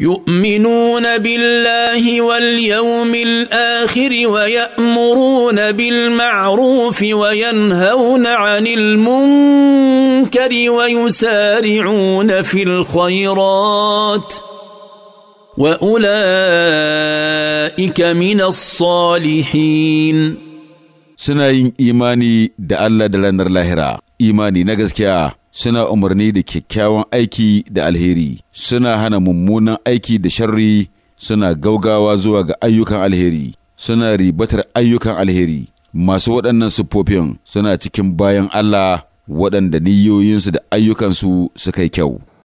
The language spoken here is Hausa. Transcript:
يؤمنون بالله واليوم الاخر ويامرون بالمعروف وينهون عن المنكر ويسارعون في الخيرات واولئك من الصالحين سنين ايماني دا الله دا لاهرا ايماني نغسكيا suna umarni da kyakkyawan aiki da alheri suna hana mummunan aiki da sharri suna gaugawa zuwa ga ayyukan alheri suna ribatar ayyukan alheri masu waɗannan siffofin suna cikin bayan Allah waɗanda niyoyinsu da ayyukansu suka yi kyau